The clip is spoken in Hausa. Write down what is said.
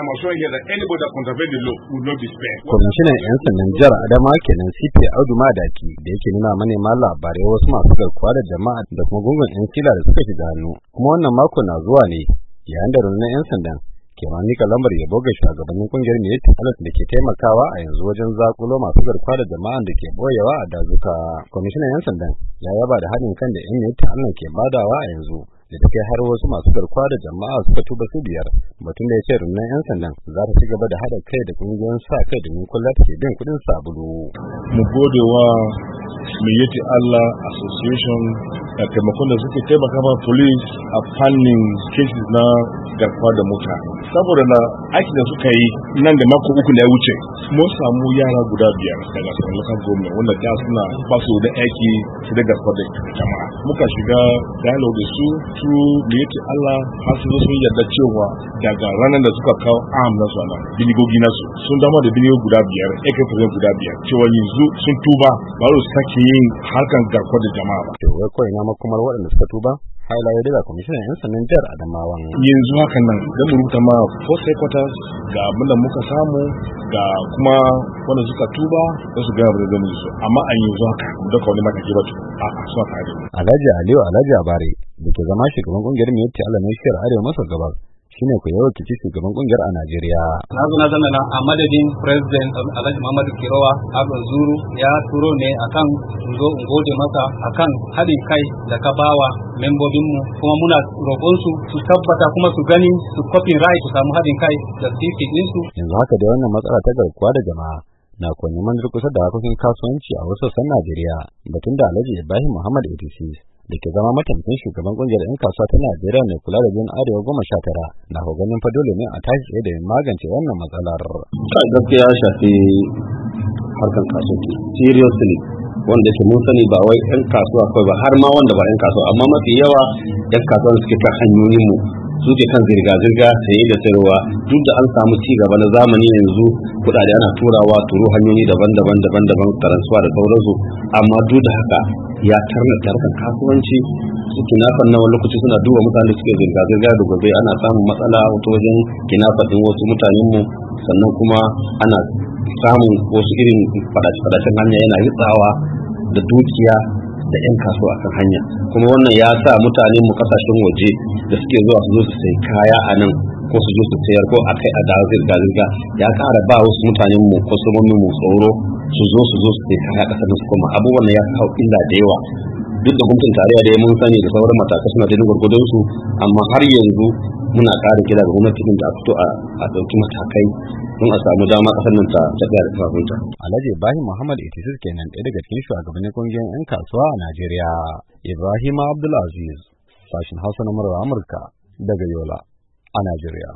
I'm assuring anybody that the law will not be spared. 'yan sandan jihar Adama kenan CP Audu Madaki da yake nuna manema labarai wasu masu garkuwa da jama'a da kuma gungun 'yan sila da suka shiga hannu. Kuma wannan mako na zuwa ne yayin da rundunar 'yan sandan ke ma mika lambar yabo ga shugabannin kungiyar ne Alas da ke taimakawa a yanzu wajen zakulo masu garkuwa da jama'a da ke boyewa a dazuka. Kwamishinan 'yan sandan ya yaba da haɗin kan da 'yan ne Alas ke badawa a yanzu. da ta kai har wasu masu garkuwa da jama'a suka tuba su biyar mutum da ya ce rumnan 'yan sandan za ta ci gaba da haɗa kai da ƙungiyoyin sa kai domin kullar ke bin kuɗin sabulu. mu gode wa mai yati Allah Association a taimakon da suke taimaka ma polis a fannin cases na garkuwa da mota saboda na aiki da suka yi nan da mako uku da ya wuce mun samu yara guda biyar daga sauran lokacin government wanda ta suna ba su da aiki su da garkuwa da jama'a muka shiga dialogue da su su da yake Allah har su sun yarda cewa daga ranar da suka kawo arm na su nan binigogi na su sun dama da binigogi guda biyar ekefure guda biyar cewa yanzu sun tuba ba su sake yin harkan garkuwa da jama'a ba. ina makomar waɗanda suka tuba haila ya daga kwamishinan 'yan sandan jihar adamawa yanzu haka nan da rubuta ma post headquarters ga abin muka samu ga kuma wanda suka tuba da su gaya da su amma an yanzu haka da kawai maka ke batu a a suna tare alhaji aliyu alhaji abare da ke zama shugaban kungiyar mai yace allah ne shiyar arewa masa gabas shine ku yawa kici shugaban kungiyar a Najeriya. Na zo na zana na a madadin President Alhaji Muhammadu Kirowa Abdul Zuru ya turo ne akan zo in gode masa akan haɗin kai da ka bawa membobinmu kuma muna roƙon su tabbata kuma su gani su kofin rai su samu haɗin kai da titi ɗinsu. Yanzu haka da wannan matsala ta garkuwa da jama'a na kuwa neman kusa da harkokin kasuwanci a wasu sassan Najeriya da tun da Alhaji Ibrahim Muhammad Idris da ke zama mataimakin shugaban kungiyar 'yan kasuwa ta Najeriya mai kula da jin arewa goma sha tara na ganin fa ne a tashi tsaye da magance wannan matsalar. Gaskiya ya shafi harkar kasuwanci seriously wanda ke mun sani ba wai 'yan kasuwa kawai ba har ma wanda ba 'yan kasuwa amma mafi yawa 'yan kasuwa suke kan hanyoyin mu su ke kan zirga-zirga saye da sayarwa duk da an samu ci gaba na zamani yanzu kudade ana turawa turu hanyoyi daban-daban daban-daban da sauransu amma duk da haka ya tarna harkar kasuwanci su kinafan na wani lokaci suna duba mutane da suke zirga-zirga da gobe ana samun matsala wato wajen kinafa ɗin wasu mutanenmu sannan kuma ana samun wasu irin fadace-fadacen hanya yana yitsawa da dukiya da 'yan kasuwa kan hanya kuma wannan ya sa mutane mu kasashen waje da suke zuwa su zo su sai kaya a nan ko su zo su sayar ko a kai a da zirga zirga ya kara ba wasu mutane mu ko su mu tsoro su zo su zo su sai kaya kasar su kuma abubuwan ya kawo illa da yawa duk da hukuncin tarayya da mun sani da sauran matakai suna da gwargwadon su amma har yanzu muna ƙara kira ga gwamnati din da a fito a ɗauki matakai don a samu dama ƙasar nan ta tafiya da kafafunta. Alhaji Ibrahim Muhammad Idris kenan ɗaya daga cikin shugabannin ƙungiyar 'yan kasuwa a Najeriya. Ibrahim Abdulaziz, sashen Hausa na Amurka daga Yola a Najeriya.